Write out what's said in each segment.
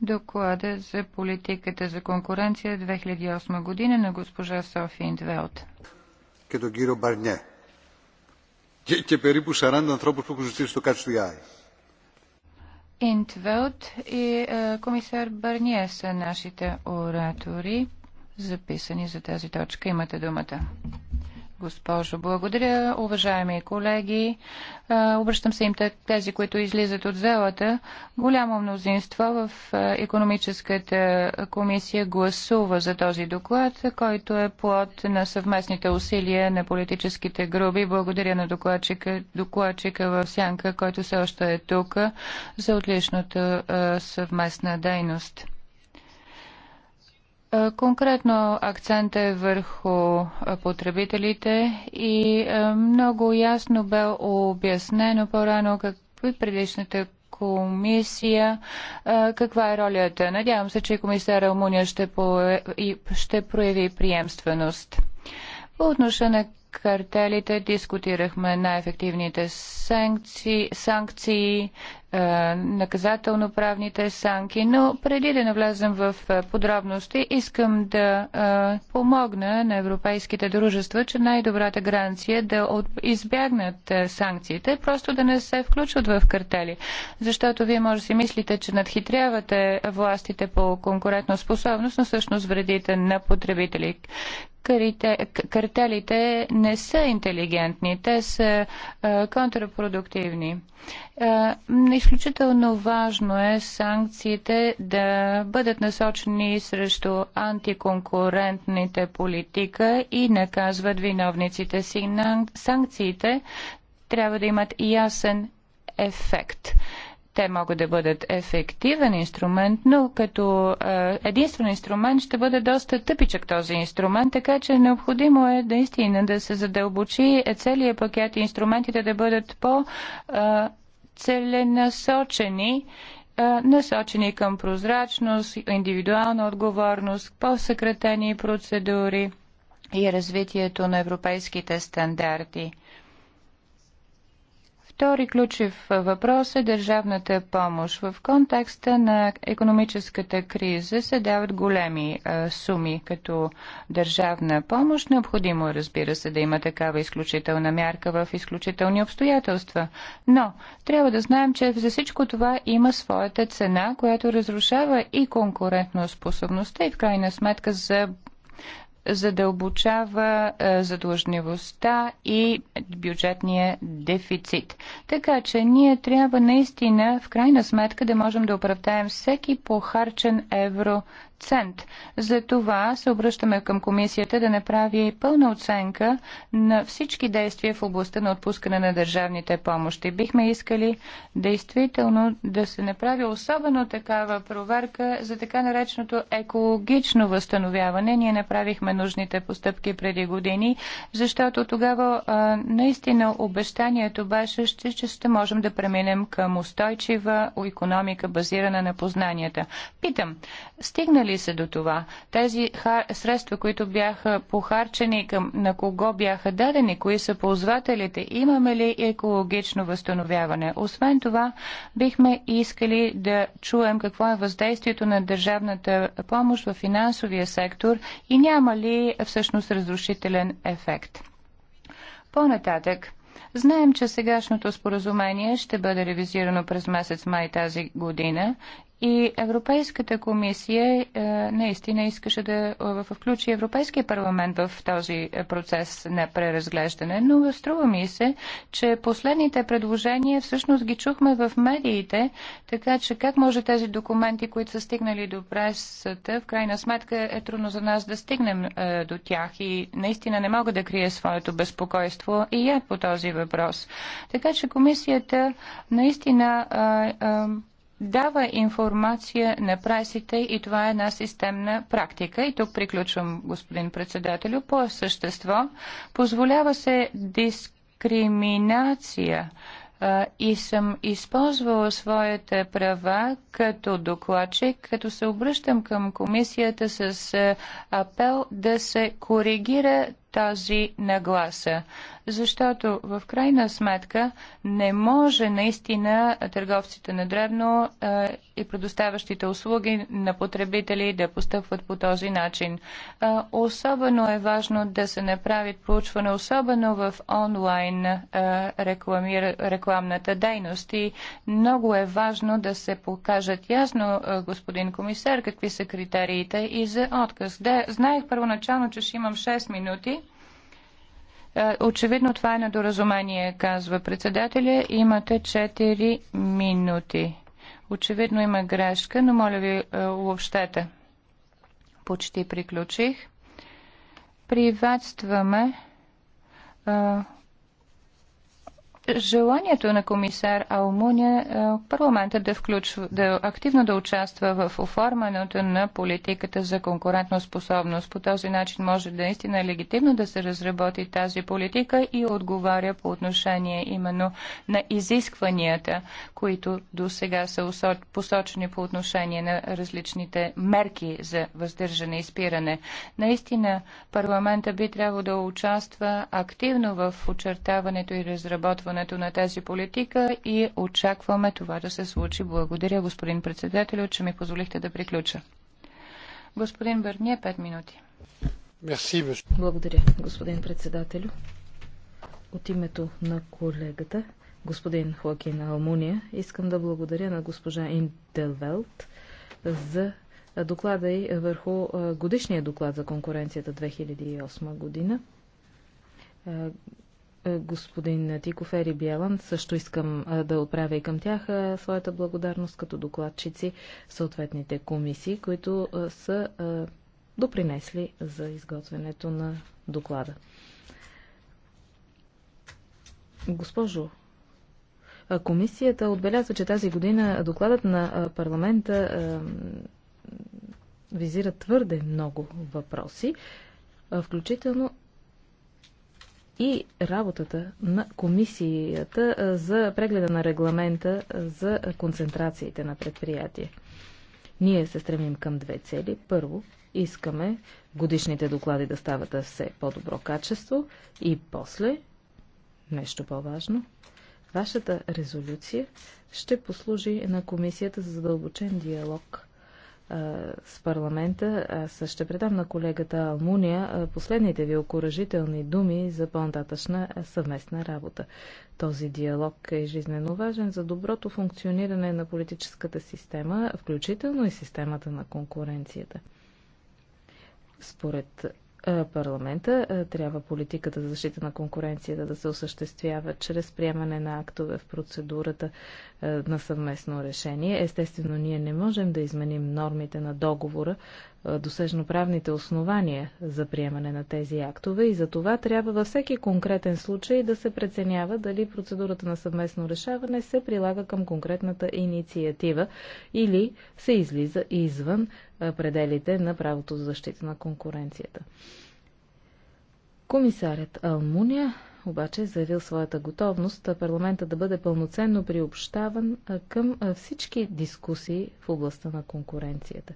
доклада за политиката за конкуренция 2008 година на госпожа Софи Индвелт. Като гиро Барне. Και, περίπου 40 ανθρώπους που έχουν ζητήσει το κάτι του ΙΑΕ. Интвелт и е, комисар Барние са нашите оратори, записани за тази точка. Имате думата госпожо. Благодаря, уважаеми колеги. Обръщам се им тези, които излизат от залата. Голямо мнозинство в економическата комисия гласува за този доклад, който е плод на съвместните усилия на политическите групи. Благодаря на докладчика, докладчика в Сянка, който все още е тук, за отличната съвместна дейност. Е, конкретно акцент е върху е, потребителите и е, много ясно бе обяснено по-рано и предишната комисия, каква е ролята. Надявам се, че комисар Алмуния ще, по... ще прояви приемственост. По отношение картелите, дискутирахме най-ефективните санкции, санкции е, наказателно-правните санки, но преди да навлезем в е, подробности, искам да е, помогна на европейските дружества, че най-добрата гаранция е да избягнат санкциите, просто да не се включват в картели. Защото вие може да си мислите, че надхитрявате властите по конкурентна способност, но всъщност вредите на потребители картелите не са интелигентни, те са контрапродуктивни. Изключително важно е санкциите да бъдат насочени срещу антиконкурентните политика и наказват виновниците си. Санкциите трябва да имат ясен ефект. Те могат да бъдат ефективен инструмент, но като е, единствен инструмент ще бъде доста тъпичък този инструмент, така че необходимо е наистина да се задълбочи е, целият пакет и инструментите да бъдат по-целенасочени е, насочени към прозрачност, индивидуална отговорност, по-съкратени процедури и развитието на европейските стандарти. Втори ключов въпрос е държавната помощ. В контекста на економическата криза се дават големи а, суми като държавна помощ. Необходимо, е, разбира се, да има такава изключителна мярка в изключителни обстоятелства. Но трябва да знаем, че за всичко това има своята цена, която разрушава и конкурентно способността и в крайна сметка за задълбочава е, задлъжнивостта и бюджетния дефицит. Така че ние трябва наистина в крайна сметка да можем да оправдаем всеки похарчен евро акцент. За това се обръщаме към комисията да направи пълна оценка на всички действия в областта на отпускане на държавните помощи. Бихме искали действително да се направи особено такава проверка за така нареченото екологично възстановяване. Ние направихме нужните постъпки преди години, защото тогава а, наистина обещанието беше, че ще можем да преминем към устойчива економика, базирана на познанията. Питам, стигнали стигнали се до това? Тези средства, които бяха похарчени към на кого бяха дадени, кои са ползвателите, имаме ли екологично възстановяване? Освен това, бихме искали да чуем какво е въздействието на държавната помощ в финансовия сектор и няма ли всъщност разрушителен ефект. По-нататък, Знаем, че сегашното споразумение ще бъде ревизирано през месец май тази година и Европейската комисия е, наистина искаше да е, включи Европейския парламент в този е, процес на преразглеждане, но струва ми се, че последните предложения всъщност ги чухме в медиите, така че как може тези документи, които са стигнали до пресата, в крайна сметка е трудно за нас да стигнем до тях и наистина не мога да крия своето безпокойство и я по този въпрос. Така че комисията наистина дава информация на пресите и това е една системна практика. И тук приключвам, господин председателю, по същество. Позволява се дискриминация и съм използвала своите права като докладчик, като се обръщам към комисията с апел да се коригира тази нагласа. Защото в крайна сметка не може наистина търговците на дребно е, и предоставящите услуги на потребители да постъпват по този начин. Е, особено е важно да се направи проучване, особено в онлайн е, рекламир, рекламната дейност. И много е важно да се покажат ясно, е, господин комисар, какви са критериите и за отказ. Де, знаех първоначално, че ще имам 6 минути, е, очевидно това е недоразумение, казва председателя. Имате 4 минути. Очевидно има грешка, но моля ви, е, обобщете. Почти приключих. Приветстваме е, желанието на комисар Алмуния е, парламента да, включва, да активно да участва в оформянето на политиката за конкурентна способност. По този начин може да наистина легитимно да се разработи тази политика и отговаря по отношение именно на изискванията, които до сега са посочени по отношение на различните мерки за въздържане и спиране. Наистина парламента би трябвало да участва активно в очертаването и разработването изпълнението на тази политика и очакваме това да се случи. Благодаря, господин председател, че ми позволихте да приключа. Господин Бърния, 5 минути. Благодаря, господин председател. От името на колегата, господин Хоакин Алмуния, искам да благодаря на госпожа Интелвелт за доклада и върху годишния доклад за конкуренцията 2008 година е, господин Тикофер Ери Бялан. Също искам е, да отправя и към тях е, своята благодарност като докладчици в съответните комисии, които са допринесли за изготвянето на доклада. Госпожо, комисията отбелязва, че тази година докладът на парламента визира твърде много въпроси, включително и работата на комисията за прегледа на регламента за концентрациите на предприятия. Ние се стремим към две цели. Първо, искаме годишните доклади да стават все по-добро качество и после, нещо по-важно, вашата резолюция ще послужи на комисията за задълбочен диалог с парламента. Аз ще предам на колегата Алмуния последните ви окоръжителни думи за по-нататъчна съвместна работа. Този диалог е жизненно важен за доброто функциониране на политическата система, включително и системата на конкуренцията. Според е, парламента е, трябва политиката за защита на конкуренцията да се осъществява чрез приемане на актове в процедурата е, на съвместно решение. Естествено, ние не можем да изменим нормите на договора, досежно правните основания за приемане на тези актове и за това трябва във всеки конкретен случай да се преценява дали процедурата на съвместно решаване се прилага към конкретната инициатива или се излиза извън пределите на правото за защита на конкуренцията. Комисарят Алмуния обаче е заявил своята готовност парламента да бъде пълноценно приобщаван към всички дискусии в областта на конкуренцията.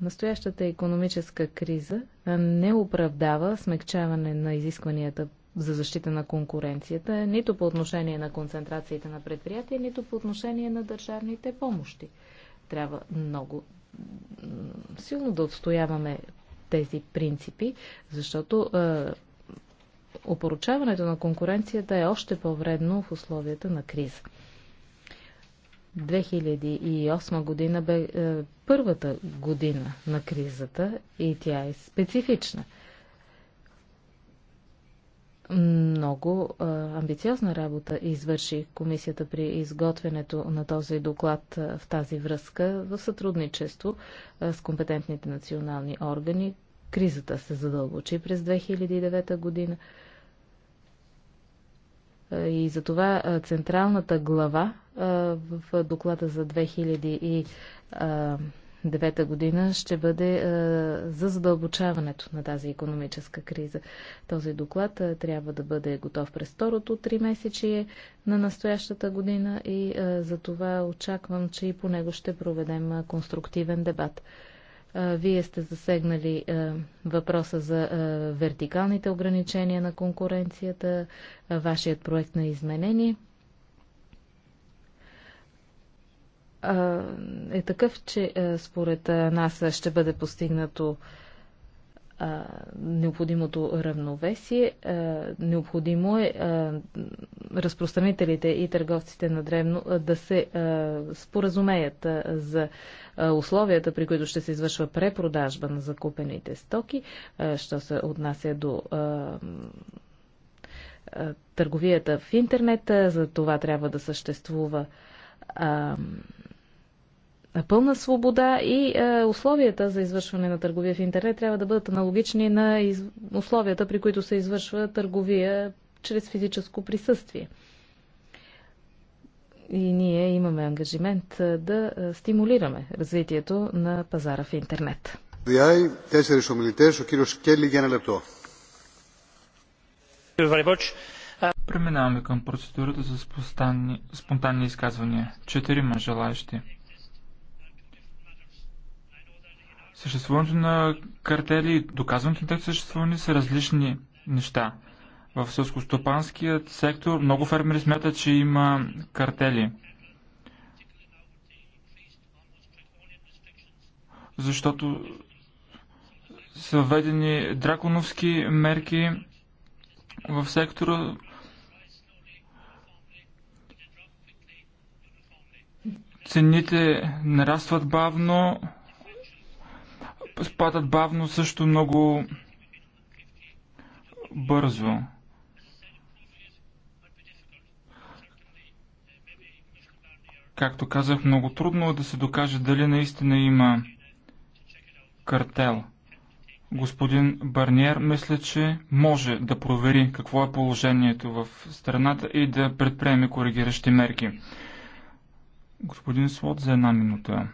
Настоящата економическа криза не оправдава смягчаване на изискванията за защита на конкуренцията, нито по отношение на концентрациите на предприятия, нито по отношение на държавните помощи трябва много силно да отстояваме тези принципи, защото е, опоручаването на конкуренцията е още по-вредно в условията на криза. 2008 година бе е, първата година на кризата и тя е специфична – много а, амбициозна работа извърши комисията при изготвянето на този доклад а, в тази връзка в сътрудничество а, с компетентните национални органи. Кризата се задълбочи през 2009 година и затова централната глава в доклада за 2000 2009 година ще бъде за задълбочаването на тази економическа криза. Този доклад трябва да бъде готов през второто три месечие на настоящата година и за това очаквам, че и по него ще проведем конструктивен дебат. Вие сте засегнали въпроса за вертикалните ограничения на конкуренцията, вашият проект на изменение – е такъв, че според нас ще бъде постигнато необходимото равновесие. Необходимо е разпространителите и търговците на древно да се споразумеят за условията, при които ще се извършва препродажба на закупените стоки, що се отнася до търговията в интернет. За това трябва да съществува пълна свобода и а, е, условията за извършване на търговия в интернет трябва да бъдат аналогични на из... условията, при които се извършва търговия чрез физическо присъствие. И ние имаме ангажимент е, да е, стимулираме развитието на пазара в интернет. Преминаваме към процедурата за спонтанни, спонтанни изказвания. Четирима желаящи. Съществуването на картели и доказването на тези съществуване са различни неща. В сълскостопанският сектор много фермери смятат, че има картели. Защото са введени драконовски мерки в сектора. Цените нарастват бавно, спадат бавно, също много бързо. Както казах, много трудно е да се докаже дали наистина има картел. Господин Барниер мисля, че може да провери какво е положението в страната и да предприеме коригиращи мерки. Господин Слот за една минута.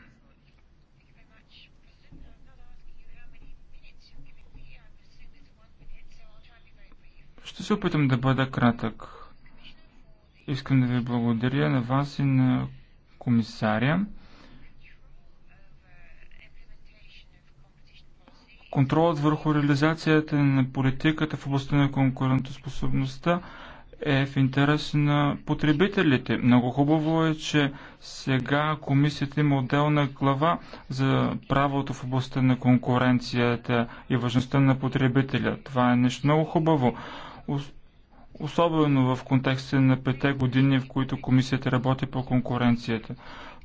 Ще се опитам да бъда кратък. Искам да ви благодаря на вас и на комисаря. Контролът върху реализацията на политиката в областта на конкурентоспособността е в интерес на потребителите. Много хубаво е, че сега комисията има отделна глава за правото в областта на конкуренцията и важността на потребителя. Това е нещо много хубаво особено в контекста на пете години, в които комисията работи по конкуренцията.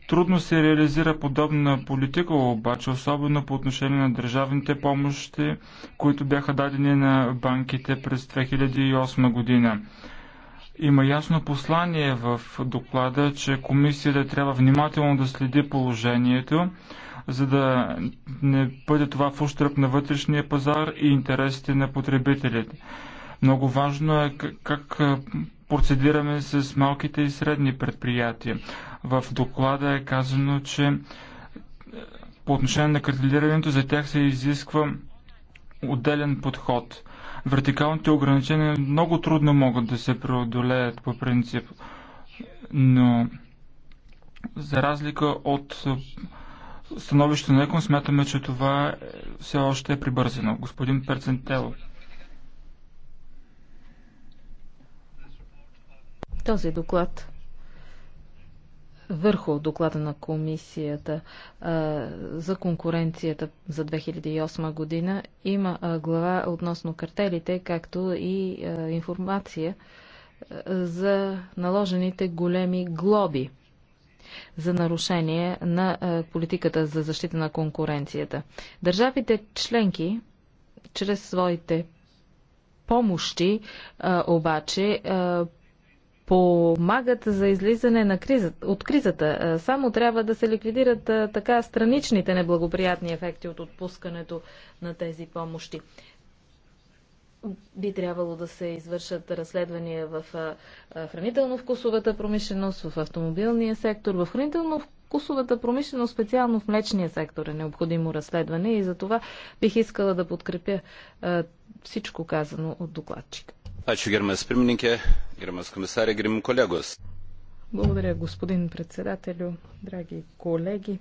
Трудно се реализира подобна политика, обаче, особено по отношение на държавните помощи, които бяха дадени на банките през 2008 година. Има ясно послание в доклада, че комисията трябва внимателно да следи положението, за да не бъде това в ущръп на вътрешния пазар и интересите на потребителите. Много важно е как процедираме с малките и средни предприятия. В доклада е казано, че по отношение на картелирането за тях се изисква отделен подход. Вертикалните ограничения много трудно могат да се преодолеят по принцип, но за разлика от становището на ЕКОН, смятаме, че това е, все още е прибързано. Господин Перцентело. Този доклад върху доклада на комисията а, за конкуренцията за 2008 година има а, глава относно картелите, както и а, информация за наложените големи глоби за нарушение на политиката за защита на конкуренцията. Държавите членки чрез своите помощи обаче помагат за излизане на кризата, от кризата. Само трябва да се ликвидират така страничните неблагоприятни ефекти от отпускането на тези помощи. Би трябвало да се извършат разследвания в хранително-вкусовата промишленост, в автомобилния сектор, в хранително-вкусовата промишленост, специално в млечния сектор е необходимо разследване и за това бих искала да подкрепя всичко казано от докладчика. Благодаря, господин председателю, драги колеги.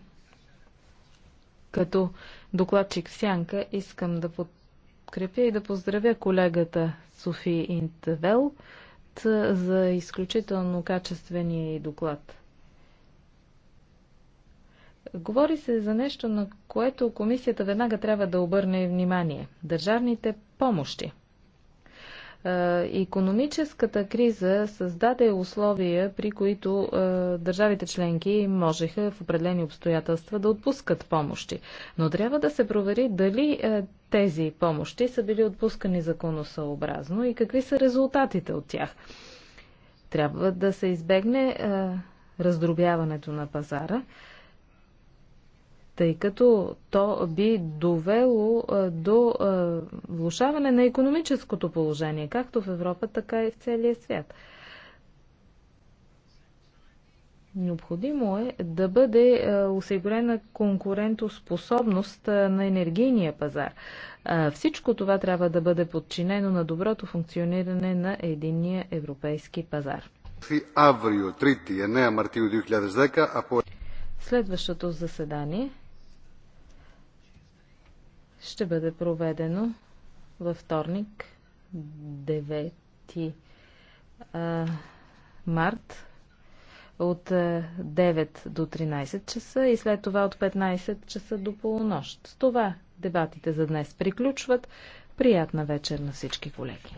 Като докладчик в Сянка искам да подкрепя и да поздравя колегата Софи Интвел за изключително качествения доклад. Говори се за нещо, на което комисията веднага трябва да обърне внимание – държавните помощи – Економическата криза създаде условия, при които е, държавите членки можеха в определени обстоятелства да отпускат помощи. Но трябва да се провери дали е, тези помощи са били отпускани законосъобразно и какви са резултатите от тях. Трябва да се избегне е, раздробяването на пазара тъй като то би довело до влушаване на економическото положение, както в Европа, така и в целия свят. Необходимо е да бъде осигурена конкурентоспособност на енергийния пазар. Всичко това трябва да бъде подчинено на доброто функциониране на единния европейски пазар. Е Следващото заседание ще бъде проведено във вторник, 9 март от 9 до 13 часа и след това от 15 часа до полунощ. С това дебатите за днес приключват. Приятна вечер на всички колеги!